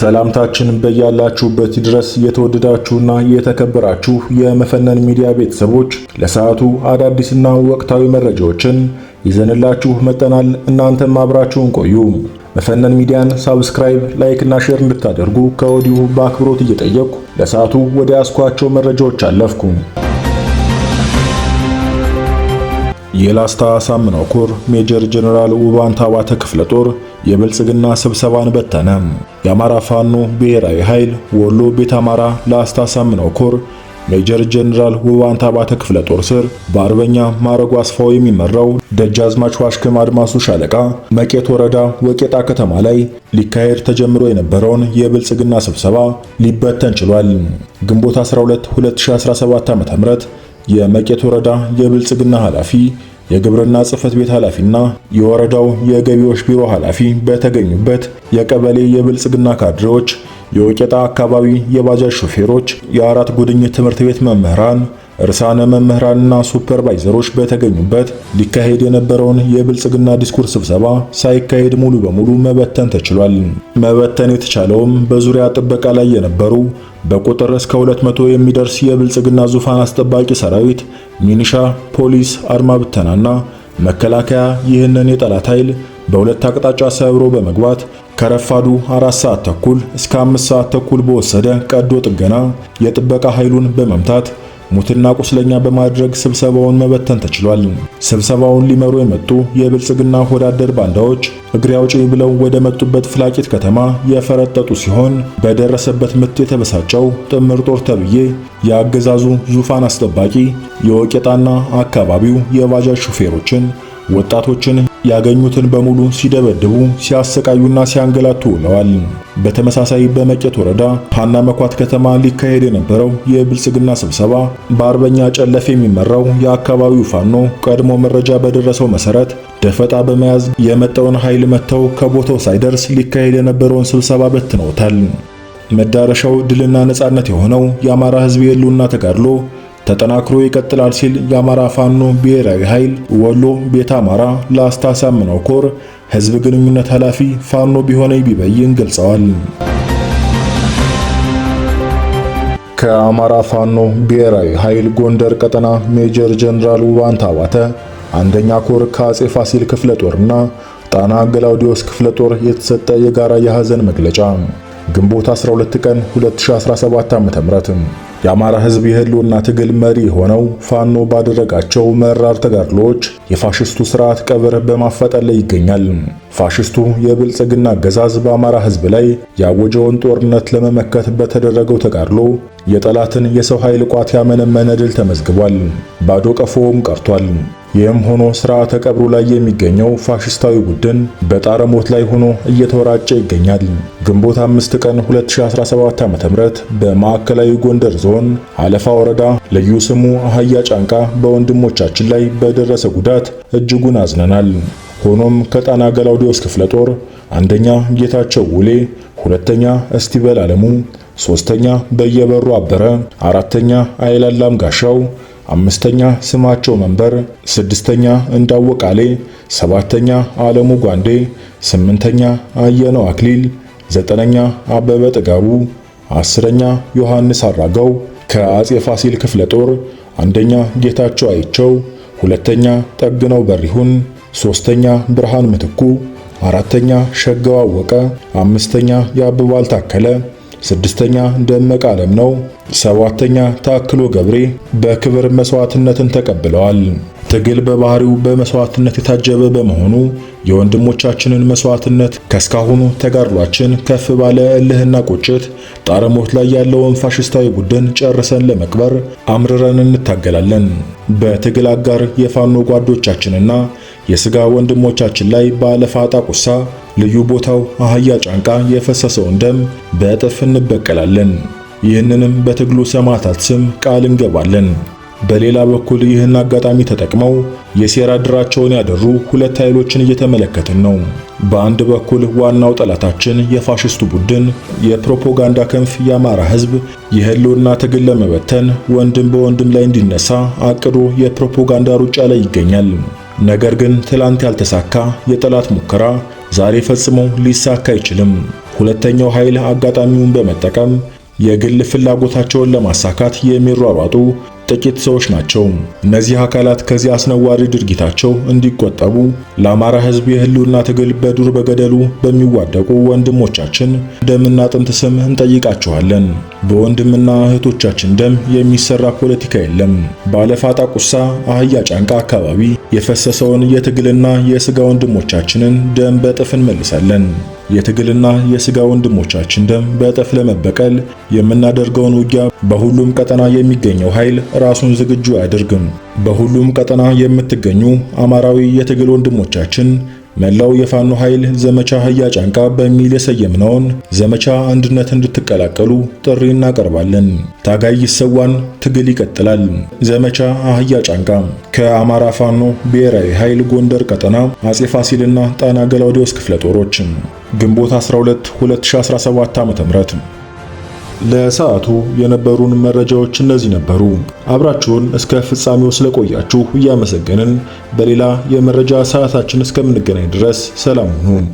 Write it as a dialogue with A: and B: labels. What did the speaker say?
A: ሰላምታችን በያላችሁበት ድረስ የተወደዳችሁና የተከበራችሁ የመፈነን ሚዲያ ቤተሰቦች ለሰዓቱ አዳዲስና ወቅታዊ መረጃዎችን ይዘንላችሁ መጠናል። እናንተም አብራችሁን ቆዩ። መፈነን ሚዲያን ሳብስክራይብ፣ ላይክ እና ሼር እንድታደርጉ ከወዲሁ በአክብሮት እየጠየቅኩ ለሰዓቱ ወደ ያስኳቸው መረጃዎች አለፍኩ። የላስታ ሳምናው ኮር ሜጀር ጀነራል ውባንታ አባተ ክፍለ ጦር የብልጽግና ስብሰባን በተነ። የአማራ ፋኖ ብሔራዊ ኃይል ወሎ ቤት አማራ ላስታ ሳምነው ኮር ሜጀር ጀነራል ውባንታ ባተ ክፍለ ጦር ስር በአርበኛ ማረጉ አስፋው የሚመራው ደጃዝማች ዋሽክም አድማሱ ሻለቃ መቄት ወረዳ ወቄጣ ከተማ ላይ ሊካሄድ ተጀምሮ የነበረውን የብልጽግና ስብሰባ ሊበተን ችሏል። ግንቦት 12 2017 ዓ.ም የመቄት ወረዳ የብልጽግና ኃላፊ የግብርና ጽህፈት ቤት ኃላፊና የወረዳው የገቢዎች ቢሮ ኃላፊ በተገኙበት የቀበሌ የብልጽግና ካድሬዎች፣ የወቄጣ አካባቢ የባጃጅ ሾፌሮች፣ የአራት ጉድኝት ትምህርት ቤት መምህራን እርሳነ መምህራንና ሱፐርቫይዘሮች በተገኙበት ሊካሄድ የነበረውን የብልጽግና ዲስኩርስ ስብሰባ ሳይካሄድ ሙሉ በሙሉ መበተን ተችሏል። መበተን የተቻለውም በዙሪያ ጥበቃ ላይ የነበሩ በቁጥር እስከ 200 የሚደርስ የብልጽግና ዙፋን አስጠባቂ ሰራዊት፣ ሚኒሻ፣ ፖሊስ፣ አድማ ብተናና መከላከያ ይህንን የጠላት ኃይል በሁለት አቅጣጫ ሰብሮ በመግባት ከረፋዱ አራት ሰዓት ተኩል እስከ አምስት ሰዓት ተኩል በወሰደ ቀዶ ጥገና የጥበቃ ኃይሉን በመምታት ሙትና ቁስለኛ በማድረግ ስብሰባውን መበተን ተችሏል። ስብሰባውን ሊመሩ የመጡ የብልጽግና ሆዳደር ባንዳዎች እግሬ አውጪኝ ብለው ወደ መጡበት ፍላቂት ከተማ የፈረጠጡ ሲሆን በደረሰበት ምት የተበሳጨው ጥምር ጦር ተብዬ የአገዛዙ ዙፋን አስጠባቂ የወቄጣና አካባቢው የባጃጅ ሹፌሮችን፣ ወጣቶችን ያገኙትን በሙሉ ሲደበድቡ ሲያሰቃዩና ሲያንገላቱ ውለዋል። በተመሳሳይ በመቄት ወረዳ ፓና መኳት ከተማ ሊካሄድ የነበረው የብልጽግና ስብሰባ በአርበኛ ጨለፍ የሚመራው የአካባቢው ፋኖ ቀድሞ መረጃ በደረሰው መሰረት ደፈጣ በመያዝ የመጣውን ኃይል መጥተው ከቦታው ሳይደርስ ሊካሄድ የነበረውን ስብሰባ በትነውታል። መዳረሻው ድልና ነጻነት የሆነው የአማራ ሕዝብ የህልውና ተጋድሎ ተጠናክሮ ይቀጥላል ሲል የአማራ ፋኖ ብሔራዊ ኃይል ወሎ ቤት አማራ ላስታ ሳምነው ኮር ህዝብ ግንኙነት ኃላፊ ፋኖ ቢሆነ ቢበይን ገልጸዋል። ከአማራ ፋኖ ብሔራዊ ኃይል ጎንደር ቀጠና ሜጀር ጀነራል ውባንታ ዋተ አንደኛ ኮር ከአጼ ፋሲል ክፍለ ጦርና ጣና ገላውዲዮስ ክፍለ ጦር የተሰጠ የጋራ የሐዘን መግለጫ ግንቦት 12 ቀን 2017 ዓ.ም የአማራ ሕዝብ የህልውና ትግል መሪ የሆነው ፋኖ ባደረጋቸው መራር ተጋድሎዎች የፋሽስቱ ስርዓት ቀብር በማፋጠን ላይ ይገኛል። ፋሽስቱ የብልጽግና አገዛዝ በአማራ ሕዝብ ላይ ያወጀውን ጦርነት ለመመከት በተደረገው ተጋድሎ የጠላትን የሰው ኃይል ቋት ያመነመነ ድል ተመዝግቧል። ባዶ ቀፎም ቀርቷል። ይህም ሆኖ ሥርዓተ ቀብሩ ላይ የሚገኘው ፋሽስታዊ ቡድን በጣረሞት ላይ ሆኖ እየተወራጨ ይገኛል። ግንቦት 5 ቀን 2017 ዓ.ም በማዕከላዊ ጎንደር ዞን አለፋ ወረዳ ልዩ ስሙ አህያ ጫንቃ በወንድሞቻችን ላይ በደረሰ ጉዳት እጅጉን አዝነናል። ሆኖም ከጣና ገላውዲዮስ ክፍለ ጦር አንደኛ ጌታቸው ውሌ፣ ሁለተኛ እስቲበል አለሙ፣ ሶስተኛ በየበሩ አበረ፣ አራተኛ አይላላም ጋሻው አምስተኛ ስማቸው መንበር፣ ስድስተኛ እንዳወቃሌ፣ ሰባተኛ ዓለሙ ጓንዴ፣ ስምንተኛ አየነው አክሊል፣ ዘጠነኛ አበበ ጥጋቡ፣ አስረኛ ዮሐንስ አራጋው ከአጼ ፋሲል ክፍለ ጦር አንደኛ ጌታቸው አይቸው፣ ሁለተኛ ጠግነው በሪሁን፣ ሶስተኛ ብርሃን ምትኩ፣ አራተኛ ሸጋው አወቀ፣ አምስተኛ ያብባል ታከለ ስድስተኛ ደመቀ ዓለም ነው። ሰባተኛ ታክሎ ገብሬ በክብር መስዋዕትነትን ተቀብለዋል። ትግል በባህሪው በመስዋዕትነት የታጀበ በመሆኑ የወንድሞቻችንን መስዋዕትነት ከእስካሁኑ ተጋድሏችን ከፍ ባለ እልህና ቁጭት ጣረሞት ላይ ያለውን ፋሽስታዊ ቡድን ጨርሰን ለመቅበር አምርረን እንታገላለን። በትግል አጋር የፋኖ ጓዶቻችንና የስጋ ወንድሞቻችን ላይ ባለፋጣ ቁሳ ልዩ ቦታው አህያ ጫንቃ የፈሰሰውን ደም በእጥፍ እንበቀላለን። ይህንንም በትግሉ ሰማዕታት ስም ቃል እንገባለን። በሌላ በኩል ይህን አጋጣሚ ተጠቅመው የሴራ ድራቸውን ያደሩ ሁለት ኃይሎችን እየተመለከትን ነው። በአንድ በኩል ዋናው ጠላታችን የፋሽስቱ ቡድን የፕሮፓጋንዳ ክንፍ የአማራ ሕዝብ የህልውና ትግል ለመበተን ወንድም በወንድም ላይ እንዲነሳ አቅዶ የፕሮፓጋንዳ ሩጫ ላይ ይገኛል። ነገር ግን ትላንት ያልተሳካ የጠላት ሙከራ ዛሬ ፈጽሞ ሊሳካ አይችልም። ሁለተኛው ኃይል አጋጣሚውን በመጠቀም የግል ፍላጎታቸውን ለማሳካት የሚሯሯጡ ጥቂት ሰዎች ናቸው። እነዚህ አካላት ከዚህ አስነዋሪ ድርጊታቸው እንዲቆጠቡ ለአማራ ሕዝብ የህልውና ትግል በዱር በገደሉ በሚዋደቁ ወንድሞቻችን ደምና አጥንት ስም እንጠይቃችኋለን። በወንድምና እህቶቻችን ደም የሚሰራ ፖለቲካ የለም። ባለፋጣ ቁሳ አህያ ጫንቃ አካባቢ የፈሰሰውን የትግልና የስጋ ወንድሞቻችንን ደም በጥፍ እንመልሳለን። የትግልና የስጋ ወንድሞቻችን ደም በእጥፍ ለመበቀል የምናደርገውን ውጊያ በሁሉም ቀጠና የሚገኘው ኃይል ራሱን ዝግጁ አያደርግም። በሁሉም ቀጠና የምትገኙ አማራዊ የትግል ወንድሞቻችን መላው የፋኖ ኃይል ዘመቻ አህያ ጫንቃ በሚል የሰየምነውን ዘመቻ አንድነት እንድትቀላቀሉ ጥሪ እናቀርባለን። ታጋይ ይሰዋን፣ ትግል ይቀጥላል። ዘመቻ አህያ ጫንቃ ከአማራ ፋኖ ብሔራዊ ኃይል ጎንደር ቀጠና አጼ ፋሲልና ጣና ገላውዲዮስ ክፍለ ግንቦት 12 2017 ዓ.ም። ለሰዓቱ የነበሩን መረጃዎች እነዚህ ነበሩ። አብራችሁን እስከ ፍጻሜው ስለቆያችሁ እያመሰገንን በሌላ የመረጃ ሰዓታችን እስከምንገናኝ ድረስ ሰላም ሁኑ።